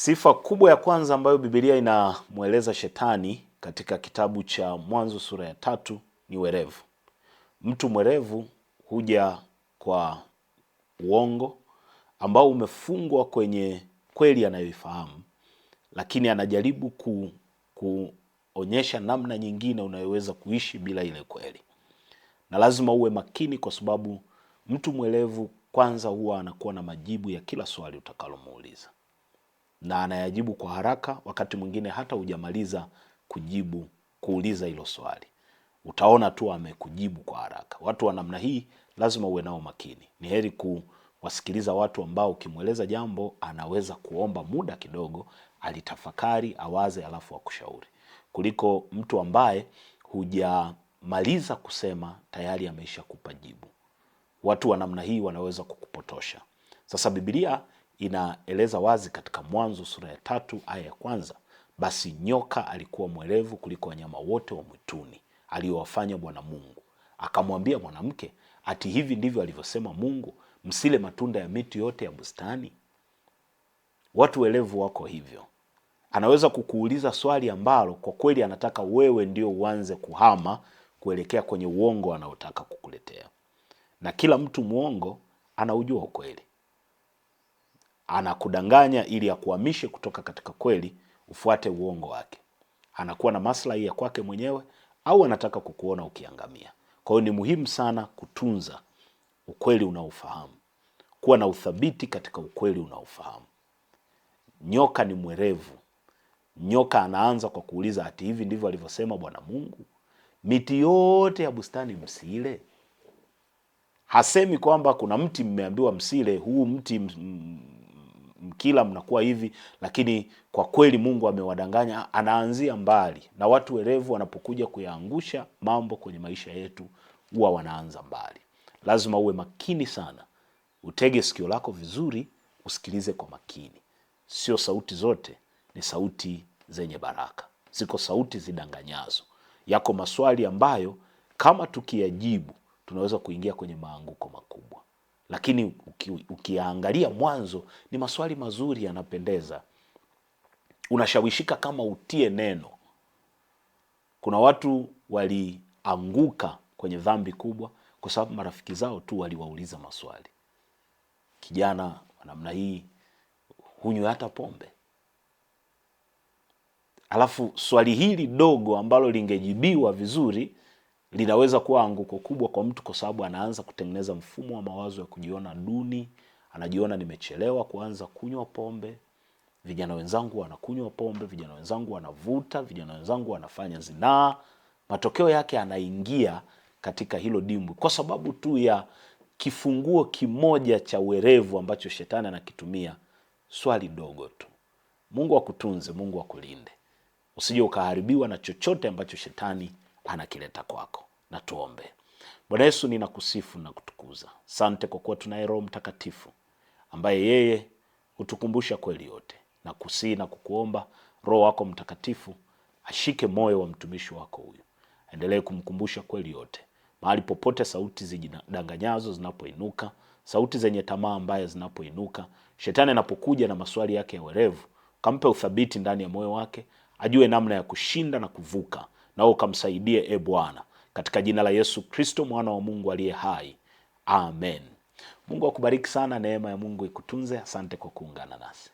Sifa kubwa ya kwanza ambayo Biblia inamweleza shetani katika kitabu cha Mwanzo sura ya tatu ni werevu. Mtu mwerevu huja kwa uongo ambao umefungwa kwenye kweli anayoifahamu, lakini anajaribu ku, kuonyesha namna nyingine unayoweza kuishi bila ile kweli, na lazima uwe makini, kwa sababu mtu mwerevu kwanza huwa anakuwa na majibu ya kila swali utakalomuuliza na anayajibu kwa haraka, wakati mwingine hata hujamaliza kujibu kuuliza hilo swali, utaona tu amekujibu kwa haraka. Watu wa namna hii lazima uwe nao makini. Ni heri kuwasikiliza watu ambao ukimweleza jambo anaweza kuomba muda kidogo alitafakari, awaze, alafu akushauri kuliko mtu ambaye hujamaliza kusema tayari ameisha kupa jibu. Watu wa namna hii wanaweza kukupotosha. Sasa Biblia inaeleza wazi katika Mwanzo sura ya tatu aya ya kwanza, basi nyoka alikuwa mwerevu kuliko wanyama wote wa mwituni aliyowafanya Bwana Mungu, akamwambia mwanamke, ati hivi ndivyo alivyosema Mungu, msile matunda ya miti yote ya bustani? Watu werevu wako hivyo. Anaweza kukuuliza swali ambalo kwa kweli anataka wewe ndio uanze kuhama kuelekea kwenye uongo anaotaka kukuletea, na kila mtu mwongo anaujua ukweli anakudanganya ili akuhamishe kutoka katika kweli ufuate uongo wake. Anakuwa na maslahi ya kwake mwenyewe au anataka kukuona ukiangamia. Kwa hiyo ni muhimu sana kutunza ukweli unaofahamu, kuwa na uthabiti katika ukweli unaofahamu. Nyoka ni mwerevu. Nyoka anaanza kwa kuuliza ati hivi ndivyo alivyosema Bwana Mungu, miti yote ya bustani msile? Hasemi kwamba kuna mti mmeambiwa msile, huu mti mkila mnakuwa hivi, lakini kwa kweli Mungu amewadanganya. Anaanzia mbali, na watu werevu wanapokuja kuyaangusha mambo kwenye maisha yetu huwa wanaanza mbali. Lazima uwe makini sana, utege sikio lako vizuri, usikilize kwa makini. Sio sauti zote ni sauti zenye baraka, ziko sauti zidanganyazo. Yako maswali ambayo kama tukiyajibu tunaweza kuingia kwenye maanguko makubwa lakini ukiangalia mwanzo ni maswali mazuri, yanapendeza, unashawishika kama utie neno. Kuna watu walianguka kwenye dhambi kubwa kwa sababu marafiki zao tu waliwauliza maswali. Kijana wa namna hii hunywe hata pombe? Alafu swali hili dogo ambalo lingejibiwa vizuri linaweza kuwa anguko kubwa kwa mtu, kwa sababu anaanza kutengeneza mfumo wa mawazo ya kujiona duni, anajiona nimechelewa kuanza kunywa pombe, vijana wenzangu wanakunywa pombe, vijana wenzangu wanavuta, vijana wenzangu wanafanya zinaa. Matokeo yake anaingia katika hilo dimbwi kwa sababu tu ya kifunguo kimoja cha werevu ambacho shetani anakitumia, swali dogo tu. Mungu akutunze, Mungu akulinde, usije ukaharibiwa na chochote ambacho shetani anakileta kwako. Na tuombe. Bwana Yesu, ninakusifu na kutukuza, sante kwa kuwa tunaye Roho Mtakatifu ambaye yeye hutukumbusha kweli yote, na kusii na kukuomba Roho wako Mtakatifu ashike moyo wa mtumishi wako huyu, endelee kumkumbusha kweli yote mahali popote sauti zijidanganyazo zinapoinuka, sauti zenye tamaa mbaya zinapoinuka, shetani anapokuja na maswali yake ya werevu, kampe uthabiti ndani ya moyo wake, ajue namna ya kushinda na kuvuka na ukamsaidie e Bwana, katika jina la Yesu Kristo mwana wa Mungu aliye hai, amen. Mungu akubariki sana, neema ya Mungu ikutunze. Asante kwa kuungana nasi.